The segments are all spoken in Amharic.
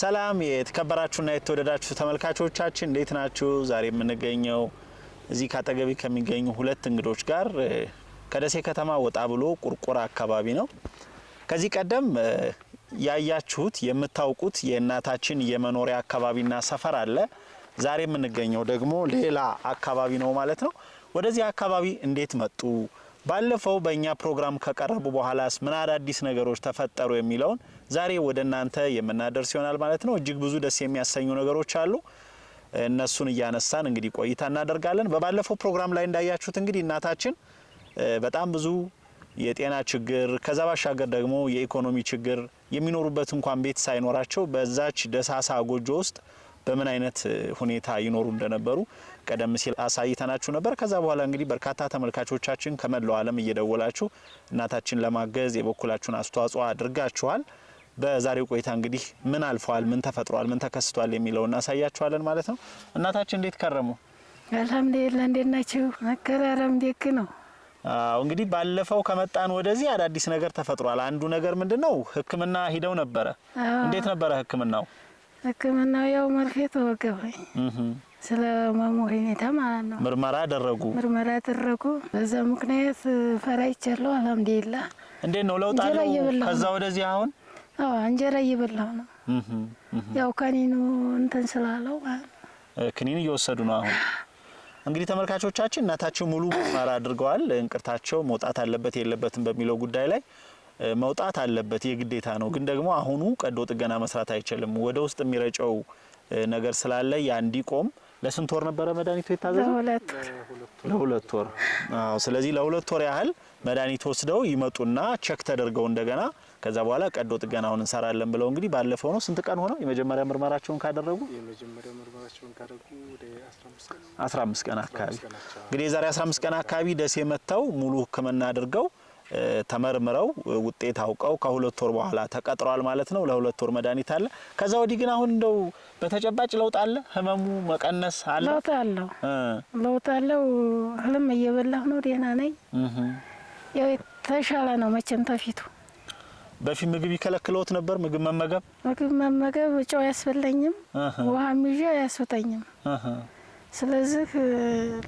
ሰላም የተከበራችሁና የተወደዳችሁ ተመልካቾቻችን እንዴት ናችሁ? ዛሬ የምንገኘው እዚህ ካጠገቢ ከሚገኙ ሁለት እንግዶች ጋር ከደሴ ከተማ ወጣ ብሎ ቁርቁር አካባቢ ነው። ከዚህ ቀደም ያያችሁት የምታውቁት የእናታችን የመኖሪያ አካባቢና ሰፈር አለ። ዛሬ የምንገኘው ደግሞ ሌላ አካባቢ ነው ማለት ነው። ወደዚህ አካባቢ እንዴት መጡ? ባለፈው በእኛ ፕሮግራም ከቀረቡ በኋላስ ምን አዳዲስ ነገሮች ተፈጠሩ የሚለውን ዛሬ ወደ እናንተ የምናደርስ ይሆናል ማለት ነው። እጅግ ብዙ ደስ የሚያሰኙ ነገሮች አሉ። እነሱን እያነሳን እንግዲህ ቆይታ እናደርጋለን። በባለፈው ፕሮግራም ላይ እንዳያችሁት እንግዲህ እናታችን በጣም ብዙ የጤና ችግር ከዛ ባሻገር ደግሞ የኢኮኖሚ ችግር የሚኖሩበት እንኳን ቤት ሳይኖራቸው በዛች ደሳሳ ጎጆ ውስጥ በምን አይነት ሁኔታ ይኖሩ እንደነበሩ ቀደም ሲል አሳይተናችሁ ነበር። ከዛ በኋላ እንግዲህ በርካታ ተመልካቾቻችን ከመላው ዓለም እየደወላችሁ እናታችን ለማገዝ የበኩላችሁን አስተዋጽኦ አድርጋችኋል። በዛሬው ቆይታ እንግዲህ ምን አልፈዋል፣ ምን ተፈጥሯል፣ ምን ተከስቷል የሚለው እናሳያችኋለን ማለት ነው። እናታችን እንዴት ከረሙ? አልሐምዱሊላ እንዴት ናችሁ? አከራረም ዴክ ነው። አዎ እንግዲህ ባለፈው ከመጣን ወደዚህ አዳዲስ ነገር ተፈጥሯል። አንዱ ነገር ምንድነው? ሕክምና ሂደው ነበረ። እንዴት ነበረ ሕክምናው? ህክምናው ያው መርፌ ተወገበኝ ስለ መሙ ሁኔታ ማለት ነው። ምርመራ አደረጉ ምርመራ አደረጉ። በዛ ምክንያት ፈራይቻለሁ። አልሐምዱሊላህ። እንዴት ነው ለውጥ አለው? ከዛ ወደዚህ አሁን አዎ እንጀራ እየበላሁ ነው። ያው ከኒኑ እንትን ስላለው ክኒን እየወሰዱ ነው አሁን እንግዲህ ተመልካቾቻችን እናታቸው ሙሉ ምርመራ አድርገዋል። እንቅርታቸው መውጣት አለበት የለበትም በሚለው ጉዳይ ላይ መውጣት አለበት፣ የግዴታ ነው። ግን ደግሞ አሁኑ ቀዶ ጥገና መስራት አይችልም። ወደ ውስጥ የሚረጨው ነገር ስላለ ያ እንዲቆም ለስንት ወር ነበረ መድኃኒቱ የታዘዘው? ለሁለት ወር። አዎ። ስለዚህ ለሁለት ወር ያህል መድኃኒት ወስደው ይመጡና ቸክ ተደርገው እንደገና ከዛ በኋላ ቀዶ ጥገናውን እንሰራለን ብለው እንግዲህ ባለፈው ነው ስንት ቀን ሆነው የመጀመሪያ ምርመራቸውን ካደረጉ የመጀመሪያ ምርመራቸውን ካደረጉ ወደ 15 ቀን አካባቢ እንግዲህ የዛሬ 15 ቀን አካባቢ ደሴ መጥተው ሙሉ ሕክምና አድርገው ተመርምረው ውጤት አውቀው ከሁለት ወር በኋላ ተቀጥሯል ማለት ነው። ለሁለት ወር መድኃኒት አለ። ከዛ ወዲህ ግን አሁን እንደው በተጨባጭ ለውጥ አለ፣ ህመሙ መቀነስ አለ። ለውጥ አለው፣ ለውጥ አለው። ህልም እየበላሁ ነው፣ ደህና ነኝ። ያው የተሻለ ነው መቼም ተፊቱ በፊት ምግብ ይከለክለውት ነበር። ምግብ መመገብ ምግብ መመገብ ጨው አያስፈለኝም፣ ውሃ ሚዣ አያስወጣኝም። ስለዚህ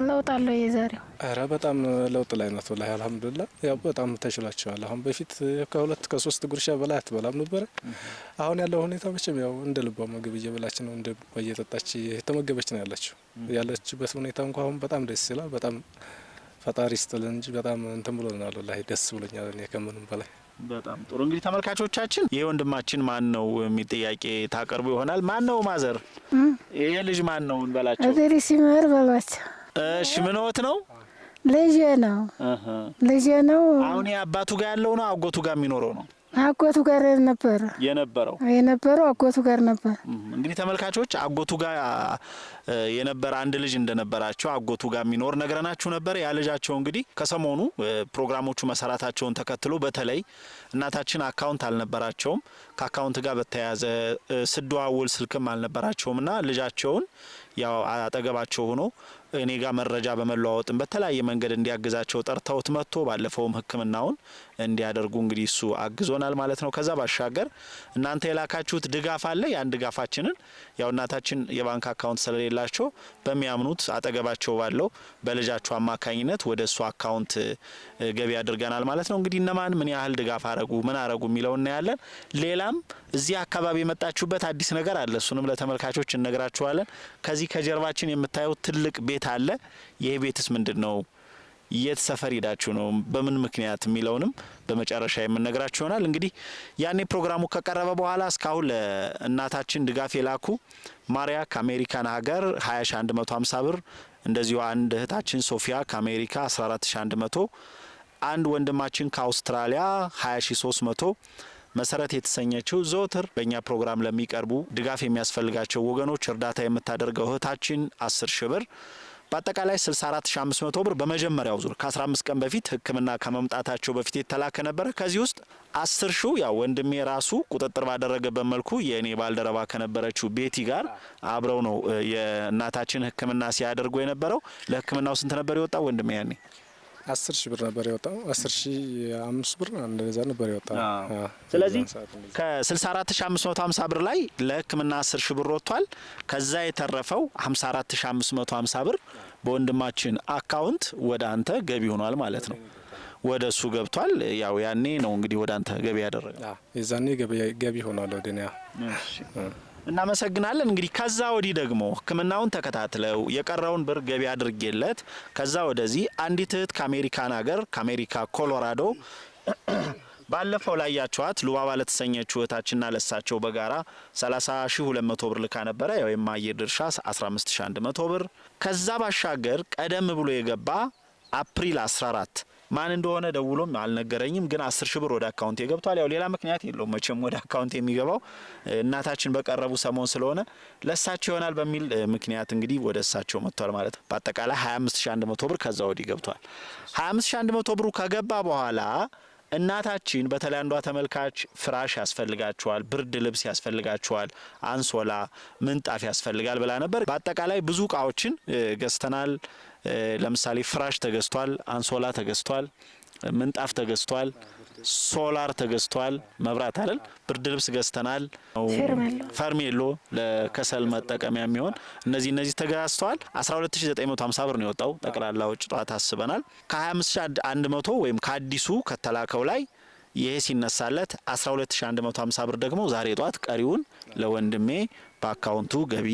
ለውጥ አለው የዛሬው። አረ በጣም ለውጥ ላይ ናት። ወላሂ አልሐምዱሊላህ ያው በጣም ተሽሏቸዋል። አሁን በፊት ከሁለት ከሶስት ጉርሻ በላይ አትበላም ነበረ። አሁን ያለው ሁኔታ መቼም ያው እንደ ልቧ ምግብ እየበላች ነው፣ እንደ ልቧ እየጠጣች የተመገበች ነው ያለችው። ያለችበት ሁኔታ እንኳ አሁን በጣም ደስ ይላል። በጣም ፈጣሪ ስጥል እንጂ በጣም እንትን ብሎናል። ወላሂ ደስ ብሎኛል እኔ ከምንም በላይ በጣም ጥሩ እንግዲህ ተመልካቾቻችን፣ ይሄ ወንድማችን ማን ነው የሚል ጥያቄ ታቀርቡ ይሆናል። ማን ነው ማዘር፣ ይሄ ልጅ ማን ነው እንበላቸው። እንግዲህ ሲመር በሏቸው። እሺ፣ ምንወት ነው? ልጄ ነው ልጄ ነው። አሁን አባቱ ጋር ያለው ነው አጎቱ ጋር የሚኖረው ነው አጎቱ ጋር ነበረ የነበረው የነበረው አጎቱ ጋር ነበር። እንግዲህ ተመልካቾች አጎቱ ጋር የነበረ አንድ ልጅ እንደነበራቸው አጎቱ ጋር የሚኖር ነግረናችሁ ነበር። ያ ልጃቸው እንግዲህ ከሰሞኑ ፕሮግራሞቹ መሰራታቸውን ተከትሎ በተለይ እናታችን አካውንት አልነበራቸውም። ከአካውንት ጋር በተያያዘ ስደዋውል ስልክም አልነበራቸውም እና ልጃቸውን ያው አጠገባቸው ሆኖ እኔ ጋር መረጃ በመለዋወጥም በተለያየ መንገድ እንዲያግዛቸው ጠርተውት መጥቶ ባለፈውም ሕክምናውን እንዲያደርጉ እንግዲህ እሱ አግዞናል ማለት ነው። ከዛ ባሻገር እናንተ የላካችሁት ድጋፍ አለ። ያን ድጋፋችንን ያው እናታችን የባንክ አካውንት ስለሌላቸው በሚያምኑት አጠገባቸው ባለው በልጃቸው አማካኝነት ወደ እሱ አካውንት ገቢ አድርገናል ማለት ነው። እንግዲህ እነማን ምን ያህል ድጋፍ አረጉ ምን አረጉ የሚለው እናያለን። ሌላም እዚህ አካባቢ የመጣችሁበት አዲስ ነገር አለ። እሱንም ለተመልካቾች እነግራችኋለን። ከዚህ እዚህ ከጀርባችን የምታየው ትልቅ ቤት አለ። ይህ ቤትስ ምንድን ነው? የት ሰፈር ሄዳችሁ ነው? በምን ምክንያት የሚለውንም በመጨረሻ የምነግራችሁ ይሆናል። እንግዲህ ያኔ ፕሮግራሙ ከቀረበ በኋላ እስካሁን ለእናታችን ድጋፍ የላኩ ማሪያ ከአሜሪካን ሀገር 20150 ብር፣ እንደዚሁ አንድ እህታችን ሶፊያ ከአሜሪካ 14100፣ አንድ ወንድማችን ከአውስትራሊያ 20300 መሰረት የተሰኘችው ዘወትር በእኛ ፕሮግራም ለሚቀርቡ ድጋፍ የሚያስፈልጋቸው ወገኖች እርዳታ የምታደርገው እህታችን አስር ሺ ብር በአጠቃላይ 64500 ብር በመጀመሪያው ዙር ከ15 ቀን በፊት ሕክምና ከመምጣታቸው በፊት የተላከ ነበረ። ከዚህ ውስጥ አስር ሺው ያው ወንድሜ ራሱ ቁጥጥር ባደረገበት መልኩ የእኔ ባልደረባ ከነበረችው ቤቲ ጋር አብረው ነው የእናታችን ሕክምና ሲያደርጉ የነበረው። ለሕክምናው ስንት ነበር የወጣው ወንድሜ ያኔ? አስር ሺህ ብር ነበር የወጣው። አስር ሺህ አምስት ብር እንደዛ ነበር የወጣው። ስለዚህ ከስልሳ አራት ሺህ አምስት መቶ ሀምሳ ብር ላይ ለህክምና አስር ሺህ ብር ወጥቷል። ከዛ የተረፈው ሀምሳ አራት ሺህ አምስት መቶ ሀምሳ ብር በወንድማችን አካውንት ወደ አንተ ገቢ ሆኗል ማለት ነው። ወደ እሱ ገብቷል። ያው ያኔ ነው እንግዲህ ወደ አንተ ገቢ ያደረገ የዛኔ ገቢ ሆኗል ወደ እኔ እናመሰግናለን። እንግዲህ ከዛ ወዲህ ደግሞ ሕክምናውን ተከታትለው የቀረውን ብር ገቢ አድርጌለት ከዛ ወደዚህ አንዲት እህት ከአሜሪካን ሀገር ከአሜሪካ ኮሎራዶ ባለፈው ላይ ያችኋት ሉባባ ለተሰኘች እህታችንና ለሳቸው በጋራ 30200 ብር ልካ ነበረ። ያው የማየ ድርሻ 15100 ብር። ከዛ ባሻገር ቀደም ብሎ የገባ አፕሪል 14 ማን እንደሆነ ደውሎም አልነገረኝም፣ ግን አስር ሺህ ብር ወደ አካውንት ገብቷል። ያው ሌላ ምክንያት የለውም መቼም ወደ አካውንት የሚገባው እናታችን በቀረቡ ሰሞን ስለሆነ ለእሳቸው ይሆናል በሚል ምክንያት እንግዲህ ወደ እሳቸው መጥቷል ማለት ነው። በአጠቃላይ መቶ ብር ከዛ ወዲህ ገብቷል። መቶ ብሩ ከገባ በኋላ እናታችን በተለይ አንዷ ተመልካች ፍራሽ ያስፈልጋቸዋል፣ ብርድ ልብስ ያስፈልጋቸዋል፣ አንሶላ፣ ምንጣፍ ያስፈልጋል ብላ ነበር። በአጠቃላይ ብዙ እቃዎችን ገዝተናል። ለምሳሌ ፍራሽ ተገዝቷል፣ አንሶላ ተገዝቷል፣ ምንጣፍ ተገዝቷል። ሶላር ተገዝቷል። መብራት አይደል? ብርድ ልብስ ገዝተናል። ፈርሜሎ ለከሰል መጠቀሚያ የሚሆን እነዚህ እነዚህ ተገዝተዋል። 12950 ብር ነው የወጣው ጠቅላላ ውጭ ጠዋት አስበናል። ከ25100 ወይም ከአዲሱ ከተላከው ላይ ይሄ ሲነሳለት 12150 ብር ደግሞ ዛሬ ጠዋት ቀሪውን ለወንድሜ በአካውንቱ ገቢ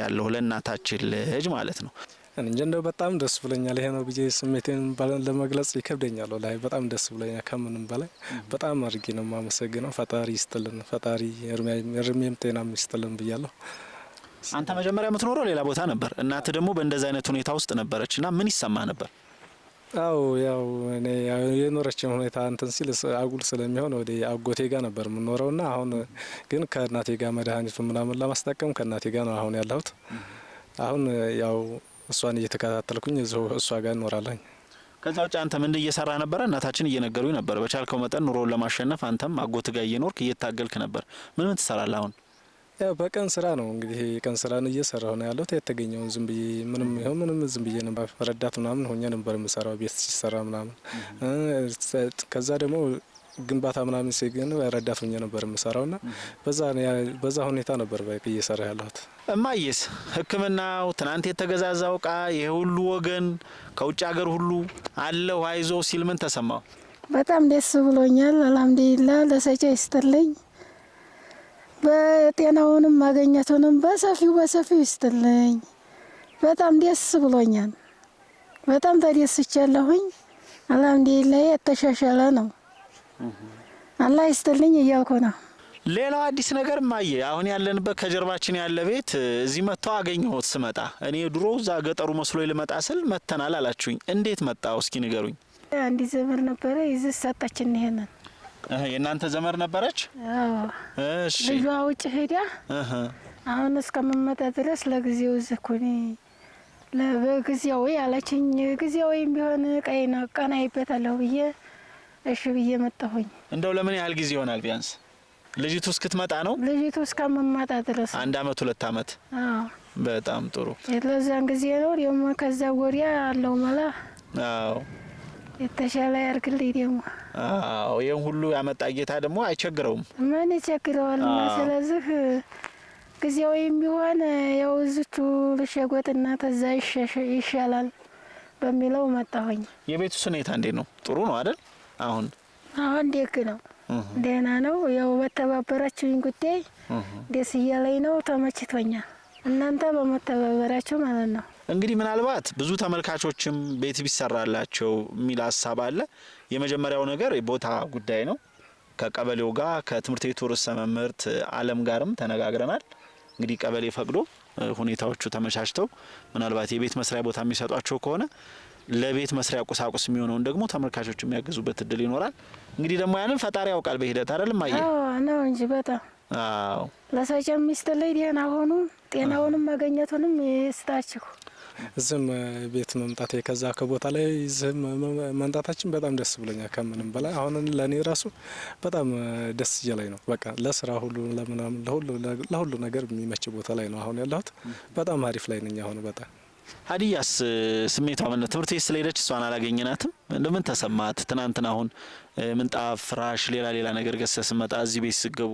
ያለሁ ለእናታችን ልጅ ማለት ነው። እንጂ እንደው በጣም ደስ ብለኛል። ይሄ ነው ብዬ ስሜቴን ለመግለጽ ይከብደኛል። ላይ በጣም ደስ ብለኛል ከምንም በላይ በጣም አድርጌ ነው የማመሰግነው። ፈጣሪ ይስጥልን፣ ፈጣሪ እርሜም ጤና ይስጥልን ብያለሁ። አንተ መጀመሪያ የምትኖረው ሌላ ቦታ ነበር፣ እናት ደግሞ በእንደዚህ አይነት ሁኔታ ውስጥ ነበረች እና ምን ይሰማ ነበር? አው ያው እኔ የኖረችን ሁኔታ እንትን ሲል አጉል ስለሚሆን ወደ አጎቴ ጋር ነበር የምኖረው የምኖረውና አሁን ግን ከእናቴ ጋር መድኃኒቱ ምናምን ለማስጠቀም ከእናቴ ጋር ነው አሁን ያለሁት። አሁን ያው እሷን እየተከታተልኩኝ እዚሁ እሷ ጋር እኖራለኝ። ከዛ ውጭ አንተ ምንድ እየሰራ ነበረ? እናታችን እየነገሩ ነበር። በቻልከው መጠን ኑሮውን ለማሸነፍ አንተም አጎት ጋር እየኖርክ እየታገልክ ነበር። ምን ምን ትሰራለህ አሁን? ያው በቀን ስራ ነው እንግዲህ የቀን ስራን እየሰራሁ ነው ያለሁት። የተገኘውን ዝም ብዬ ምንም ይሁን ምንም ዝም ብዬ ነበር ረዳት ምናምን ሆኜ ነበር የምሰራው ቤት ሲሰራ ምናምን። ከዛ ደግሞ ግንባታ ምናምን ሲገኝ ረዳት ሆኜ ነበር የምሰራው ና በዛ ሁኔታ ነበር እየሰራ ያለሁት። እማዬስ ሕክምናው ትናንት የተገዛዛው እቃ ይሄ ሁሉ ወገን ከውጭ ሀገር ሁሉ አለው አይዞ ሲል ምን ተሰማው? በጣም ደስ ብሎኛል። አልሐምዱሊላ ለሰጪ ይስጥልኝ። በጤናውንም ማገኘቱንም በሰፊው በሰፊው ይስጥልኝ። በጣም ደስ ብሎኛል። በጣም ተደስቻለሁኝ። አልሐምዱሊላ የተሻሻለ ነው። አላህ ይስጥልኝ እያልኩ ነው። ሌላው አዲስ ነገር ማየ አሁን ያለንበት ከጀርባችን ያለ ቤት እዚህ መጥተው አገኘሁት። ስመጣ እኔ ድሮ እዛ ገጠሩ መስሎ ልመጣ ስል መተናል አላችሁኝ። እንዴት መጣው? እስኪ ንገሩኝ። አንዲ ዘመር ነበረ ይዝ ሰጣችን ይሄንን የእናንተ ዘመድ ነበረች። ልጇ ውጭ ሄዳ አሁን እስከምመጣ ድረስ ለጊዜው ዝኩኒ ኩኒ ለጊዜያዊ አለችኝ። ጊዜያዊም ቢሆን ቀይና ቀና ይበታለሁ ብዬ እሺ ብዬ መጣሁኝ። እንደው ለምን ያህል ጊዜ ይሆናል? ቢያንስ ልጅቱ እስክትመጣ ነው? ልጅቱ እስከምመጣ ድረስ አንድ አመት ሁለት አመት። በጣም ጥሩ። ለዛን ጊዜ ነው ደግሞ ከዛ ወዲያ አለው መላ። አዎ፣ የተሻለ ያርግልኝ ደግሞ። አዎ፣ ይሄን ሁሉ ያመጣ ጌታ ደግሞ አይቸግረውም። ምን ይቸግረዋል? ስለዚህ ጊዜው የሚሆን ያው እዚቱ ልሸጎጥና ተዛ ይሻላል በሚለው መጣሁኝ። የቤቱስ ሁኔታ እንዴት ነው? ጥሩ ነው አይደል? አሁን አሁን ደግ ነው፣ ደህና ነው። ያው በተባበራችሁኝ ጉዳይ ደስ እያለኝ ነው፣ ተመችቶኛል። እናንተ በመተባበራችሁ ማለት ነው። እንግዲህ ምናልባት ብዙ ተመልካቾችም ቤት ቢሰራላቸው የሚል ሀሳብ አለ። የመጀመሪያው ነገር የቦታ ጉዳይ ነው። ከቀበሌው ጋር ከትምህርት ቤቱ ርዕሰ መምህርት አለም ጋርም ተነጋግረናል። እንግዲህ ቀበሌ ፈቅዶ ሁኔታዎቹ ተመቻችተው ምናልባት የቤት መስሪያ ቦታ የሚሰጧቸው ከሆነ ለቤት መስሪያ ቁሳቁስ የሚሆነውን ደግሞ ተመልካቾች የሚያገዙበት እድል ይኖራል። እንግዲህ ደግሞ ያንን ፈጣሪ ያውቃል በሂደት አይደለም። አየ ነው እንጂ በጣም አዎ፣ ለሰው የሚስትልኝ ደህና ሆኑ ጤናውንም ማገኘቱንም ይስጣችሁ። ዝም ቤት መምጣት ከዛ ከቦታ ላይ ዝም መምጣታችን በጣም ደስ ብሎኛል። ከምንም በላይ አሁን ለእኔ ራሱ በጣም ደስ እያለኝ ነው። በቃ ለስራ ሁሉ ለምናምን ለሁሉ ነገር የሚመች ቦታ ላይ ነው አሁን ያለሁት። በጣም አሪፍ ላይ ነኝ አሁን በጣም ሀዲያስ ስሜቷ ምን? ትምህርት ቤት ስለሄደች እሷን አላገኘናትም። እንደምን ተሰማት? ትናንትና አሁን ምንጣፍ፣ ፍራሽ፣ ሌላ ሌላ ነገር ገዝተ ስመጣ እዚህ ቤት ስገቡ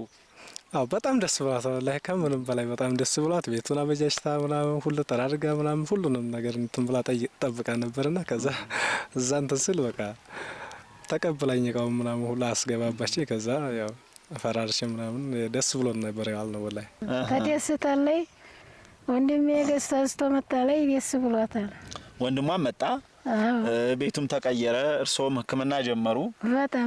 አዎ በጣም ደስ ብሏት፣ ላይ ከምንም በላይ በጣም ደስ ብሏት ቤቱን አበጃጅታ ምናምን ሁሉ ጠራርጋ ምናምን ሁሉንም ነገር እንትን ብላ ጠብቃ ነበርና ከዛ እዛ እንትን ስል በቃ ተቀብላኝ እቃው ምናምን ሁሉ አስገባባቸው። ከዛ ያው ፈራርሽ ምናምን ደስ ብሎን ነበር ያልነው ላይ ከደስታ ላይ ወንድሜ ገዝታ ስቶ መጣ ላይ ደስ ብሏታል። ወንድሟ መጣ፣ ቤቱም ተቀየረ፣ እርስዎም ህክምና ጀመሩ። በጣም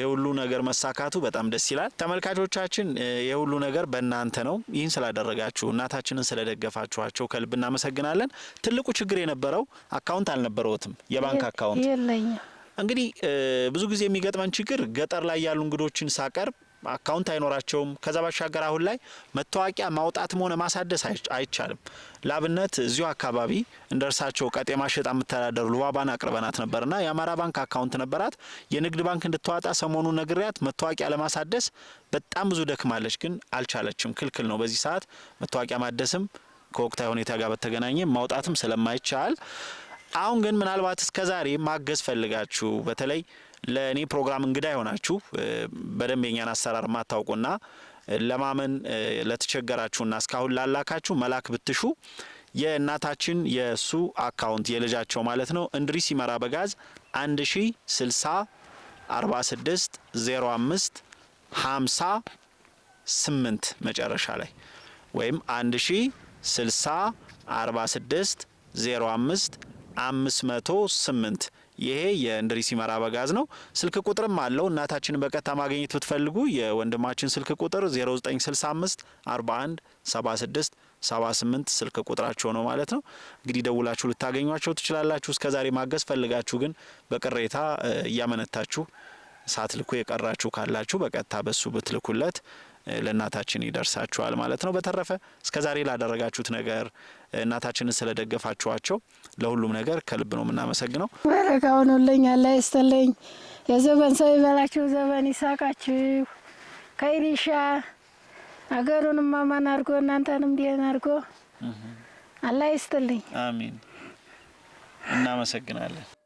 የሁሉ ነገር መሳካቱ በጣም ደስ ይላል። ተመልካቾቻችን፣ የሁሉ ነገር በእናንተ ነው። ይህን ስላደረጋችሁ፣ እናታችንን ስለደገፋችኋቸው ከልብ እናመሰግናለን። ትልቁ ችግር የነበረው አካውንት አልነበረውትም፣ የባንክ አካውንት የለኝም። እንግዲህ ብዙ ጊዜ የሚገጥመን ችግር ገጠር ላይ ያሉ እንግዶችን ሳቀርብ አካውንት አይኖራቸውም። ከዛ ባሻገር አሁን ላይ መታወቂያ ማውጣትም ሆነ ማሳደስ አይቻልም። ላብነት እዚሁ አካባቢ እንደ እርሳቸው ቀጤማ ሸጣ የምተዳደሩ ሉባባን አቅርበናት ነበርና የአማራ ባንክ አካውንት ነበራት። የንግድ ባንክ እንድታወጣ ሰሞኑን ነግሪያት መታወቂያ ለማሳደስ በጣም ብዙ ደክማለች፣ ግን አልቻለችም። ክልክል ነው። በዚህ ሰዓት መታወቂያ ማደስም ከወቅታዊ ሁኔታ ጋር በተገናኘ ማውጣትም ስለማይቻል አሁን ግን ምናልባት እስከዛሬ ማገዝ ፈልጋችሁ በተለይ ለእኔ ፕሮግራም እንግዳ የሆናችሁ በደንብ የኛን አሰራር ማታውቁና ለማመን ለተቸገራችሁና እስካሁን ላላካችሁ መላክ ብትሹ የእናታችን የእሱ አካውንት የልጃቸው ማለት ነው እንድሪስ ይመራ በጋዝ 1 1060 46 05 50 8 መጨረሻ ላይ ወይም 1060 46 05 508 ይሄ የእንድሪሲመር አበጋዝ ነው። ስልክ ቁጥርም አለው። እናታችንን በቀጥታ ማግኘት ብትፈልጉ የወንድማችን ስልክ ቁጥር 0965 41 76 78 ስልክ ቁጥራቸው ነው ማለት ነው። እንግዲህ ደውላችሁ ልታገኟቸው ትችላላችሁ። እስከዛሬ ማገዝ ፈልጋችሁ ግን በቅሬታ እያመነታችሁ ሳትልኩ የቀራችሁ ካላችሁ በቀጥታ በሱ ብትልኩለት ለእናታችን ይደርሳችኋል ማለት ነው። በተረፈ እስከዛሬ ላደረጋችሁት ነገር እናታችንን ስለደገፋችኋቸው ለሁሉም ነገር ከልብ ነው የምናመሰግነው። በረካውን ሁለኝ ይስጥልኝ። የዘበን ሰው ይበላችሁ፣ ዘበን ይሳቃችሁ። ከኢሪሻ አገሩን ማማን አድርጎ እናንተንም ዲን አድርጎ አላ ይስጥልኝ። አሚን። እናመሰግናለን።